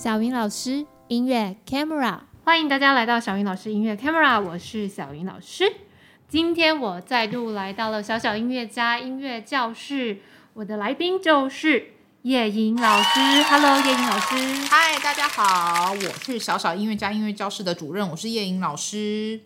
小芸老師音樂 camera，歡迎大家來到小芸老師音樂 camera，我是小芸老師。今天我再度來到了小小音樂家音樂教室，我的來賓就是葉盈老師。Hello，葉盈老師。嗨，大家好，我是小小音樂家音樂教室的主任，我是葉盈老師。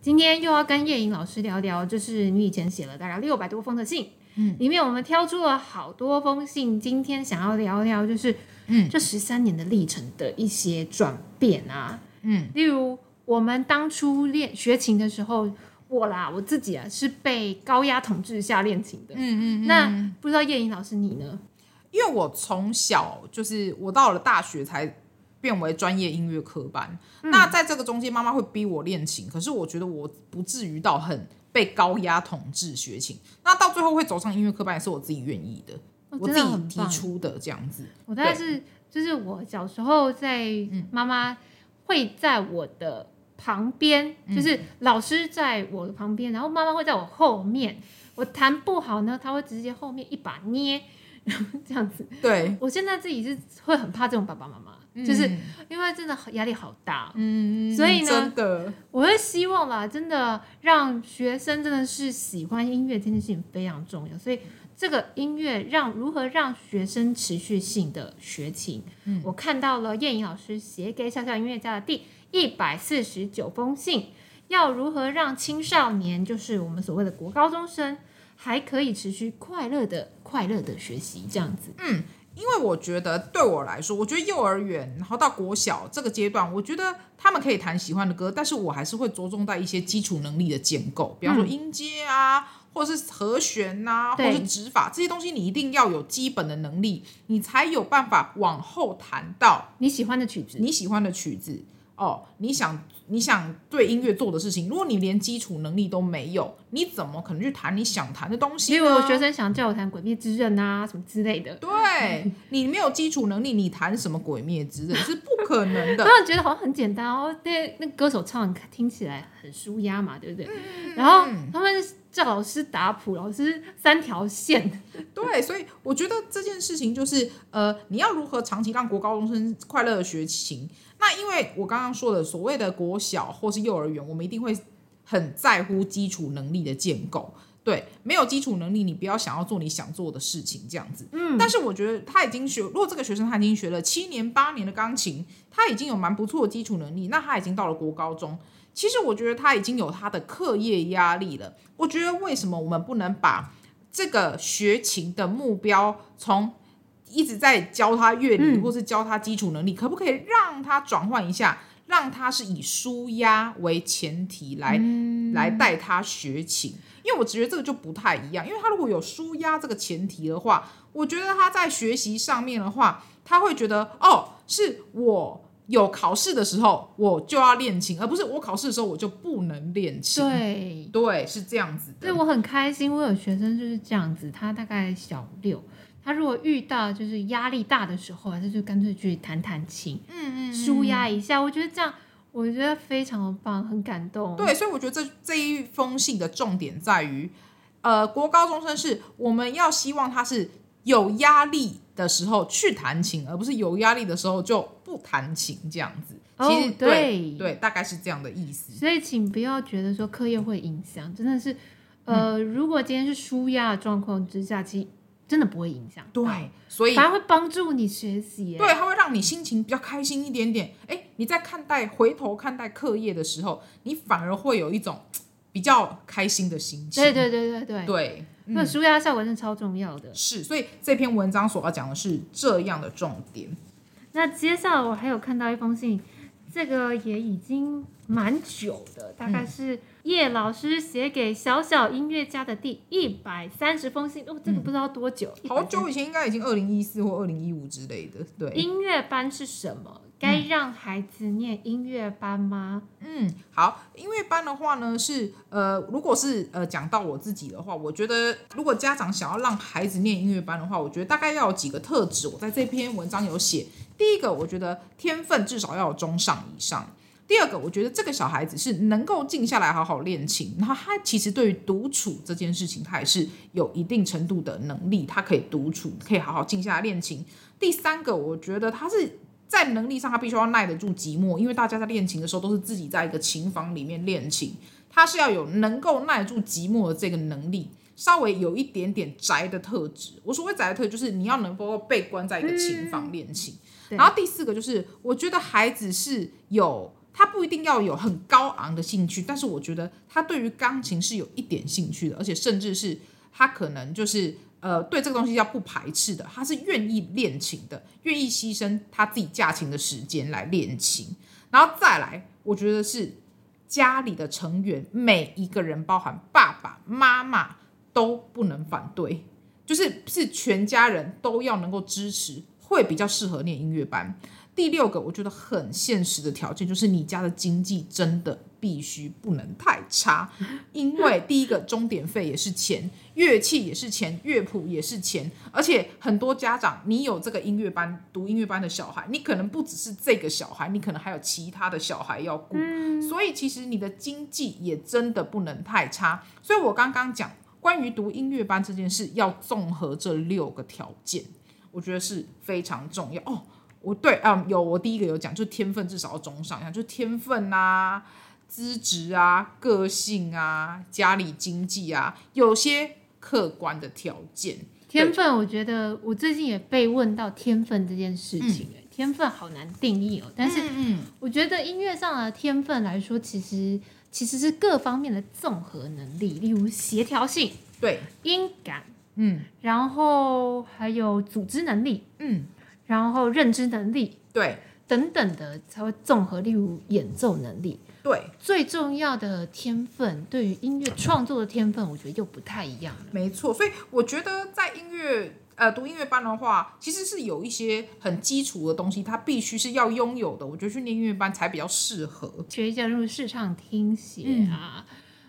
今天又要跟葉盈老師聊聊，就是你以前寫了大概六百多封的信。嗯，裡面我們挑出了好多封信，今天想要聊聊、就是嗯，就是嗯，這十三年的歷程的一些轉變啊，嗯，例如我們當初練學琴的時候，我啦我自己啊是被高壓統治下練琴的，嗯嗯，嗯，那不知道葉盈老師你呢？因為我從小就是我到了大學才變為專業音樂科班，嗯，那在這個中間，媽媽會逼我練琴，可是我覺得我不至於到很。被高壓統治學琴，那到最後會走上音樂科班，也是我自己願意的。哦，真的很棒。我自己提出的這樣子。我大概是就是我小時候在媽媽會在我的旁邊，嗯，就是老師在我的旁邊，然後媽媽會在我後面。我彈不好呢，她會直接後面一把捏，然後這樣子。對，我現在自己是會很怕這種爸爸媽媽。就是因為真的壓力好大、啊，嗯，所以呢，真的，我是希望啦，真的讓學生真的是喜歡音樂這件事情非常重要，所以這個音樂讓如何讓學生持續性的學琴、嗯，我看到了葉盈老師寫給小小音樂家的第一百四十九封信，要如何讓青少年，就是我們所謂的國高中生，還可以持續快樂的快樂的學習這樣子，嗯。因為我覺得，對我來說，我覺得幼兒園然後到國小這個階段，我覺得他們可以彈喜歡的歌，但是我還是會着重在一些基礎能力的建構，比方說音階啊，嗯、或者是和弦吶、啊，或者是指法這些東西，你一定要有基本的能力，你才有辦法往後彈到你喜歡的曲子，你喜歡的曲子。哦，你想你想對音樂做的事情，如果你連基礎能力都沒有，你怎麼可能去彈你想彈的東西？因為我學生想叫我彈《鬼滅之刃》啊，什麼之類的。對、嗯、你沒有基礎能力，你彈什麼《鬼滅之刃》是不可能的。 他們覺得好像很簡單哦，對，那個、歌手唱聽起來很舒壓嘛，對不對？嗯、然後他們叫老師打譜，老師三條線。對，所以我覺得這件事情就是，呃，你要如何長期讓國高中生快樂的學琴？那因為我剛剛說的所謂的國小或是幼兒園，我們一定會很在乎基礎能力的建構。對，沒有基礎能力，你不要想要做你想做的事情這樣子。嗯，但是我覺得他已經學，如果這個學生他已經學了七年八年的鋼琴，他已經有蠻不錯的基礎能力，那他已經到了國高中，其實我覺得他已經有他的課業壓力了。我覺得為什麼我們不能把這個學琴的目標從……一直在教他樂理、嗯，或是教他基礎能力，可不可以讓他轉換一下，讓他是以舒壓為前提來、嗯、來帶他學琴？因為我覺得這個就不太一樣，因為他如果有舒壓這個前提的話，我覺得他在學習上面的話，他會覺得哦，是我有考試的時候我就要練琴，而不是我考試的時候我就不能練琴。對，對，是這樣子的。對，我很開心，我有學生就是這樣子，他大概小六。他、啊、如果遇到就是壓力大的時候，他就乾脆去彈彈琴，嗯嗯，舒壓一下。我覺得這樣，我覺得非常的棒，很感動。對，所以我覺得這這一封信的重點在於，呃，國高中生是我們要希望他是有壓力的時候去彈琴，而不是有壓力的時候就不彈琴這樣子。其實哦，對對，對，大概是這樣的意思。所以，請不要覺得說課業會影響，真的是，呃，嗯、如果今天是舒壓的狀況之下，其。真的不會影響，對，哎、所以它會幫助你學習，對，它會讓你心情比較開心一點點。哎、嗯，你在看待回頭看待課業的時候，你反而會有一種比較開心的心情。對對對對對，對，那、嗯、舒壓效果真的超重要的。是，所以這篇文章所要講的是這樣的重點。那接下來我還有看到一封信。這個也已經蠻久的，大概是葉老師寫給小小音樂家的第一百三十封信。哦，這個不知道多久，嗯、130，好久以前，應該已經二零一四或二零一五之類的。對，音樂班是什麼？該讓孩子念音樂班嗎？嗯，好，音樂班的話呢，是呃，如果是呃，講到我自己的話，我覺得如果家長想要讓孩子念音樂班的話，我覺得大概要有幾個特質。我在這篇文章有寫。第一個，我覺得天分至少要有中上以上。第二個，我覺得這個小孩子是能夠靜下來好好練琴，然後他其實對於獨處這件事情，他也是有一定程度的能力，他可以獨處，可以好好靜下來練琴。第三個，我覺得他是在能力上，他必須要耐得住寂寞，因為大家在練琴的時候都是自己在一個琴房裡面練琴，他是要有能夠耐得住寂寞的這個能力，稍微有一點點宅的特質。我所謂宅的特質，就是你要能夠被關在一個琴房練琴。然後第四個就是，我覺得孩子是有他不一定要有很高昂的興趣，但是我覺得他對於鋼琴是有一點興趣的，而且甚至是他可能就是呃對這個東西要不排斥的，他是願意練琴的，願意犧牲他自己假期的時間來練琴。然後再來，我覺得是家裡的成員每一個人，包含爸爸媽媽都不能反對，就是是全家人都要能夠支持，會比較適合念音樂班。第六個，我覺得很現實的條件就是，你家的經濟真的必須不能太差，因為第一個，鐘點費也是錢，樂器也是錢，樂譜也是錢，而且很多家長，你有這個音樂班，讀音樂班的小孩，你可能不只是這個小孩，你可能還有其他的小孩要顧，所以其實你的經濟也真的不能太差。所以我剛剛講關於讀音樂班這件事，要綜合這六個條件。我覺得是非常重要哦。我對，啊，有我第一個有講，就天分至少要中上，像就是天分啊、資質啊、個性啊、家裡經濟啊，有些客觀的條件。天分，我覺得我最近也被問到天分這件事情、欸，哎、嗯，天分好難定義哦、喔。但是，嗯，我覺得音樂上的天分來說，其實其實是各方面的綜合能力，例如協調性、對音感。嗯，然後還有組織能力，嗯，然後認知能力，對，等等的才會綜合。例如演奏能力，對，最重要的天分對於音樂創作的天分，我覺得又不太一樣了。沒錯，所以我覺得在音樂呃讀音樂班的話，其實是有一些很基礎的東西，它必須是要擁有的。我覺得去念音樂班才比較適合，像一下，就是視唱聽寫啊。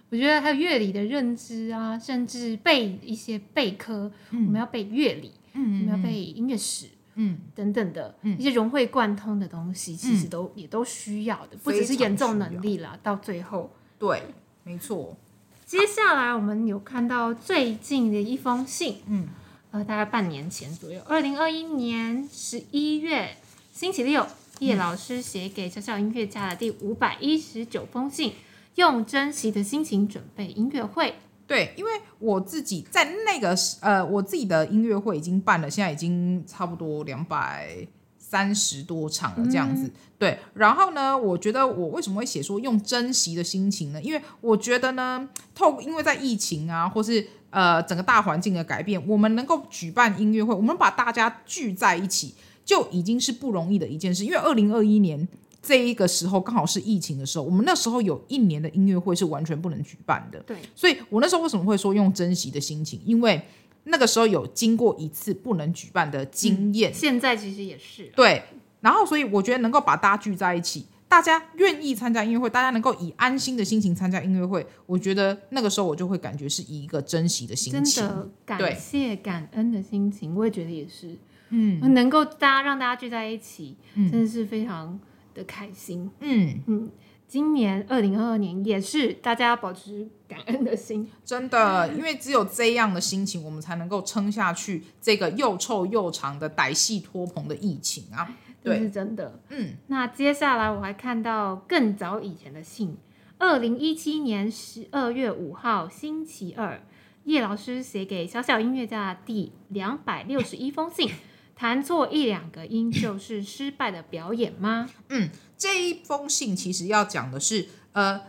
我覺得還有樂理的認知啊，甚至背一些背科，嗯，我們要背樂理，嗯，我們要背音樂史，嗯、等等的、嗯、一些融會貫通的東西，其實都、嗯、也都需要的，不只是演奏能力啦。到最後，對，沒錯、啊。接下來我們有看到最近的一封信，嗯，呃，大概半年前左右，二零二一年十一月星期六，嗯，葉老師寫給小小音樂家的第五百一十九封信。用珍惜的心情準備音樂會。對，因為我自己在那個呃，我自己的音樂會已經辦了，現在已經差不多兩百三十多場了、嗯、這樣子。對，然後呢，我覺得我為什麼會寫說用珍惜的心情呢？因為我覺得呢，透過因為在疫情啊，或是呃整個大環境的改變，我們能夠舉辦音樂會，我們把大家聚在一起，就已經是不容易的一件事。因為二零二一年。這一個時候剛好是疫情的時候，我們那時候有一年的音樂會是完全不能舉辦的。對，所以我那時候為什麼會說用珍惜的心情？因為那個時候有經過一次不能舉辦的經驗，嗯、現在其實也是對。然後，所以我覺得能夠把大家聚在一起，大家願意參加音樂會，大家能夠以安心的心情參加音樂會，我覺得那個時候我就會感覺是一個珍惜的心情，真的感謝感恩的心情。我也覺得也是，嗯，能夠大家讓大家聚在一起，嗯、真的是非常。的開心，嗯嗯，今年二零二二年也是，大家要保持感恩的心，真的，因為只有這樣的心情，我們才能夠撐下去這個又臭又長的歹戲拖棚的疫情啊，這是真的，嗯。那接下來我還看到更早以前的信，二零一七年十二月五號星期二，葉老師寫給小小音樂家的第兩百六十一封信。 彈錯一兩個音就是失敗的表演嗎？嗯，這一封信其實要講的是，呃，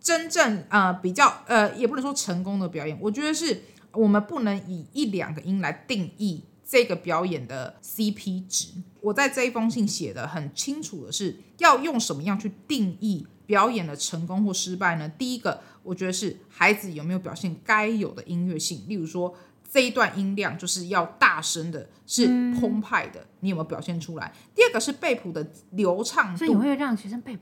真正呃比較呃也不能說成功的表演，我覺得是，我們不能以一兩個音來定義這個表演的 CP 值。我在這一封信寫得很清楚的是，要用什麼樣去定義表演的成功或失敗呢？第一個，我覺得是孩子有沒有表現該有的音樂性，例如說。這一段音量就是要大聲的，是澎湃的，嗯，你有沒有表現出來？第二個是背譜的流暢度，所以我會讓學生背譜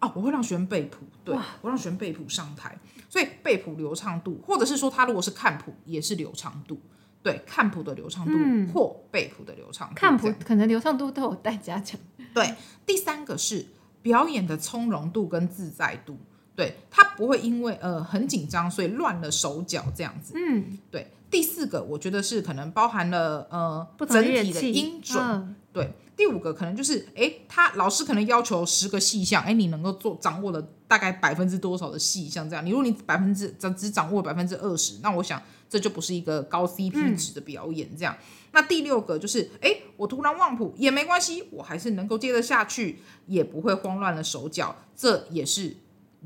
哦，我會讓學生背譜，對，我讓學生背譜上台，所以背譜流暢度，或者是說他如果是看譜也是流暢度，對，看譜的流暢度或背譜的流暢度，嗯、看譜可能流暢度都有待加強。對，第三個是表演的從容度跟自在度。對，他不會因為呃很緊張，所以亂了手腳這樣子。嗯，對。第四個，我覺得是可能包含了呃不整體的音準、嗯。對，第五個可能就是哎，他老師可能要求十個細項，哎，你能夠做掌握了大概百分之多少的細項這樣？你如果你百分之只掌握百分之二十，那我想這就不是一個高 CP 值的表演這樣。嗯、那第六個就是哎，我突然忘譜也沒關係，我還是能夠接得下去，也不會慌亂了手腳，這也是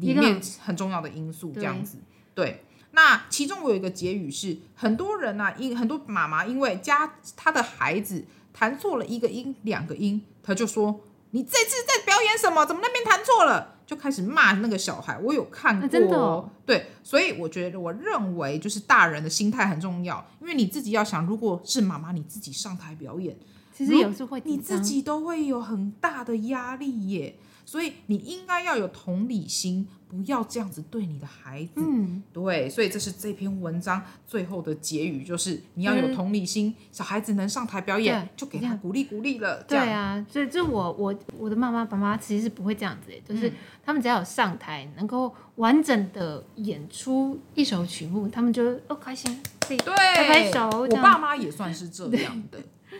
裡面很重要的因素，這樣子。對，那其中我有一個結語是，很多人呢、啊，因很多媽媽因為家她的孩子彈錯了一個音、兩個音，她就說：“你這次在表演什麼？怎麼那邊彈錯了？”就開始罵那個小孩。我有看過、啊哦，對，所以我覺得我認為就是大人的心態很重要，因為你自己要想，如果是媽媽你自己上台表演，其實也是會你自己都會有很大的壓力耶。所以你應該要有同理心，不要這樣子對你的孩子。嗯、對，所以這是這篇文章最後的結語，就是你要有同理心、嗯。小孩子能上台表演，就給他鼓勵鼓勵了。對啊，所以這我我我的媽媽爸媽其實是不會這樣子，就是他們只要有上台、嗯、能夠完整的演出一首曲目，他們就哦開心，自己對，拍手。我爸媽也算是這樣的。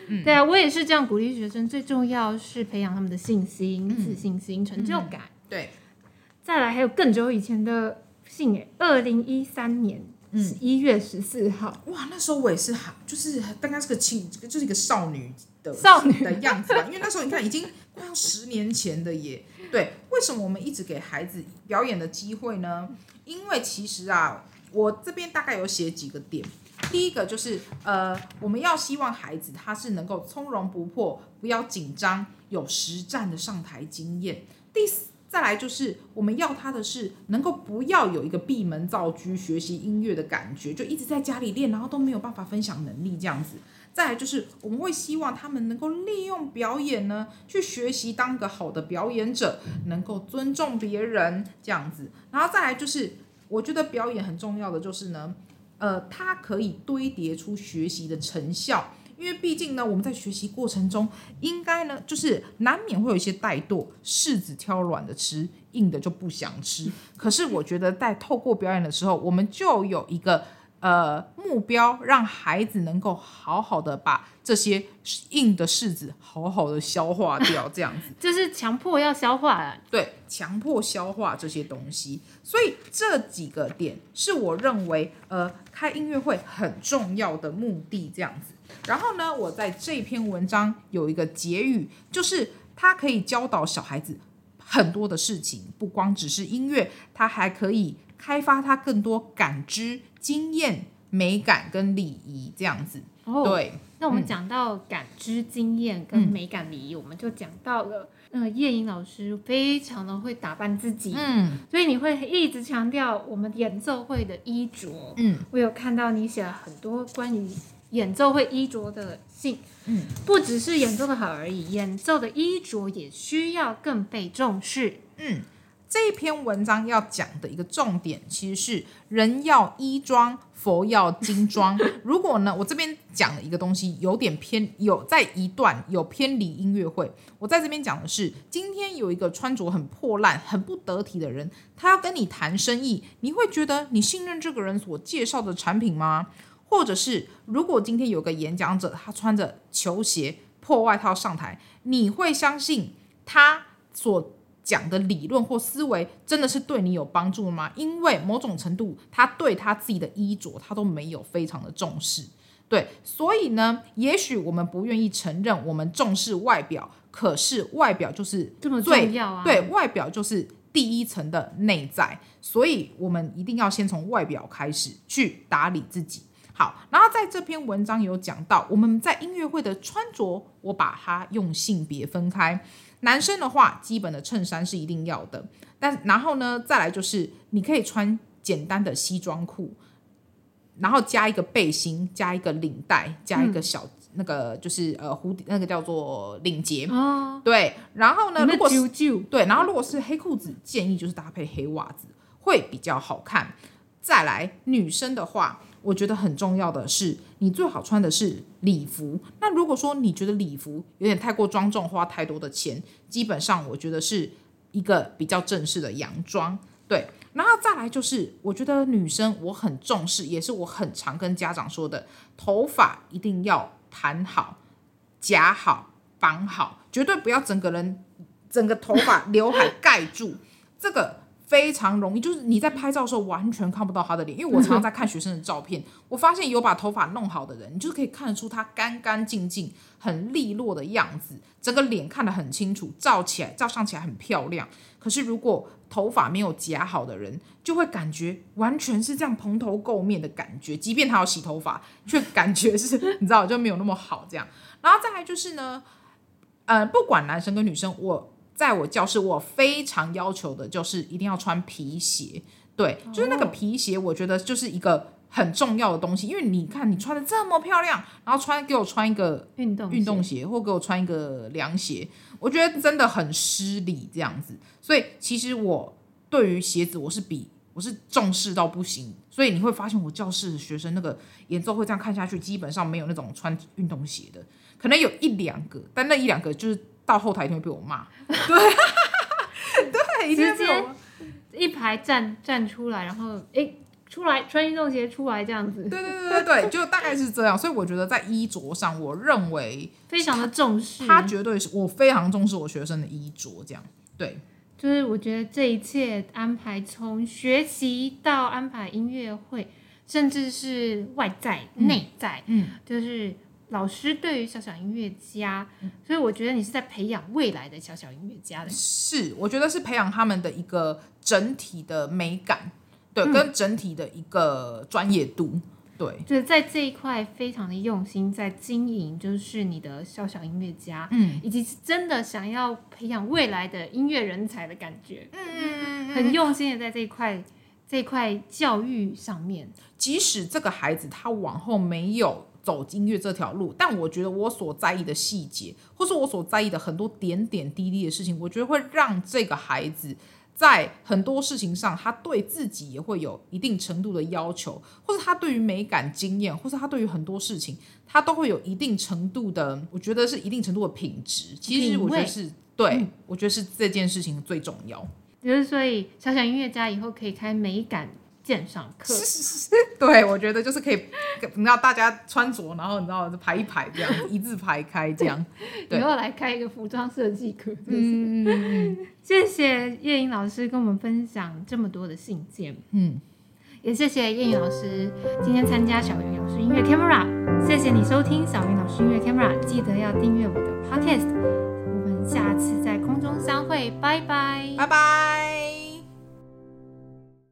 嗯、對啊，我也是這樣鼓勵學生，最重要是培養他們的信心、嗯、自信心、成就感、嗯。對，再來還有更久以前的信誒，二零一三年十一月十四號、嗯，哇，那時候我也是，就是剛剛是個青，就是一個少女的少女的樣子吧，因為那時候你看已經快要 十年前的耶。對。為什麼我們一直給孩子表演的機會呢？因為其實啊，我這邊大概有寫幾個點。第一個就是，呃，我們要希望孩子他是能夠從容不迫，不要緊張，有實戰的上台經驗。第四，再來就是，我們要他的是能夠不要有一個閉門造車學習音樂的感覺，就一直在家裡練，然後都沒有辦法分享能力這樣子。再來就是，我們會希望他們能夠利用表演呢，去學習當個好的表演者，能夠尊重別人這樣子。然後再來就是，我覺得表演很重要的就是呢。呃，它可以堆疊出學習的成效，因為畢竟呢，我們在學習過程中，應該呢，就是難免會有一些怠惰，柿子挑軟的吃，硬的就不想吃。可是我覺得，在透過表演的時候，我們就有一個。呃，目標讓孩子能夠好好的把這些硬的柿子好好的消化掉，這樣子就是強迫要消化了。對，強迫消化這些東西，所以這幾個點是我認為呃開音樂會很重要的目的，這樣子。然後呢，我在這篇文章有一個結語，就是它可以教導小孩子很多的事情，不光只是音樂，它還可以。開發他更多感知、經驗、美感跟禮儀這樣子。Oh, 對、嗯，那我們講到感知、經驗跟美感、禮儀、嗯，我們就講到了。嗯、呃，葉盈老師非常的會打扮自己。嗯，所以你會一直強調我們演奏會的衣着。嗯，我有看到你寫了很多關於演奏會衣着的信。嗯，不只是演奏的好而已，演奏的衣着也需要更被重視。嗯。這一篇文章要講的一個重點，其實是人要衣裝，佛要金裝。如果呢，我這邊講的一個東西有點偏，有在一段有偏離音樂會。我在這邊講的是，今天有一個穿着很破爛、很不得體的人，他要跟你談生意，你會覺得你信任這個人所介紹的產品嗎？或者是，如果今天有個演講者，他穿着球鞋、破外套上台，你會相信他所……講的理論或思維真的是對你有幫助嗎？因為某種程度，他對他自己的衣着，他都沒有非常的重視。對，所以呢，也許我們不願意承認，我們重視外表，可是外表就是這麼重要啊！對，外表就是第一層的內在，所以我們一定要先從外表開始去打理自己。好，然後在這篇文章有講到，我們在音樂會的穿着，我把它用性別分開。男生的話，基本的襯衫是一定要的，但然後呢，再來就是你可以穿簡單的西裝褲，然後加一個背心，加一個領帶，加一個小、嗯、那個就是呃蝴蝶那個叫做領結。哦、對，然後呢，啾啾如果對，然後如果是黑褲子，建議就是搭配黑襪子會比較好看。再來，女生的話。我覺得很重要的是，你最好穿的是禮服。那如果說你覺得禮服有點太過莊重，花太多的錢，基本上我覺得是一個比較正式的洋裝。對，然後再來就是，我覺得女生我很重視，也是我很常跟家長說的，頭髮一定要盤好、夾好、綁好，絕對不要整個人整個頭髮劉海蓋住 這個。非常容易，就是你在拍照的時候完全看不到他的臉，因為我常常在看學生的照片，我發現有把頭髮弄好的人，你就可以看得出他乾乾淨淨、很利落的樣子，整個臉看得很清楚，照起來、照相起來很漂亮。可是如果頭髮沒有夾好的人，就會感覺完全是這樣蓬頭垢面的感覺，即便他有洗頭髮，卻感覺是， 你知道就沒有那麼好這樣。然後再來就是呢，呃，不管男生跟女生，我。在我教室，我非常要求的就是一定要穿皮鞋，對，就是那個皮鞋，我覺得就是一個很重要的東西。因為你看，你穿得這麼漂亮，然後穿給我穿一個運動運動鞋，或給我穿一個涼鞋，我覺得真的很失禮這樣子。所以其實我對於鞋子，我是比我是重視到不行。所以你會發現，我教室的學生那個演奏會這樣看下去，基本上沒有那種穿運動鞋的，可能有一兩個，但那一兩個就是。到後台就會被我罵。對， 對，直接一排站站出來，然後哎，出來穿運動鞋出來這樣子。對對對對對，就大概是這樣。所以我覺得在衣着上，我認為非常的重視他。他絕對是我非常重視我學生的衣着，這樣。對，就是我覺得這一切安排，從學習到安排音樂會，甚至是外在、嗯、內在，嗯，就是。老師對於小小音樂家，所以我覺得你是在培養未來的小小音樂家。是，我覺得是培養他們的一個整體的美感，對，嗯、跟整體的一個專業度，對，就是在這一塊非常的用心，在經營，就是你的小小音樂家，嗯，以及真的想要培養未來的音樂人才的感覺，嗯嗯，很用心的在這一塊、嗯、這塊教育上面，即使這個孩子他往後沒有。走音樂這條路，但我覺得我所在意的細節，或是我所在意的很多點點滴滴的事情，我覺得會讓這個孩子在很多事情上，他對自己也會有一定程度的要求，或者他對於美感經驗，或者他對於很多事情，他都會有一定程度的，我覺得是一定程度的品質。品味。其實我覺得是對、嗯，我覺得是這件事情最重要。就是所以，小小音樂家以後可以開美感鑑上課，對，我覺得就是可以，你知道大家穿着，然後你知道排一排這樣，一字排開這樣，你 要來開一個服裝設計課，嗯，是是，嗯，謝謝葉盈老師跟我們分享這麼多的信件。嗯，也謝謝葉盈老師今天參加小芸老師音樂開麥拉，謝謝你收聽小芸老師音樂開麥拉，記得要訂閱我的 Podcast，我們下次在空中相會，拜拜，拜拜。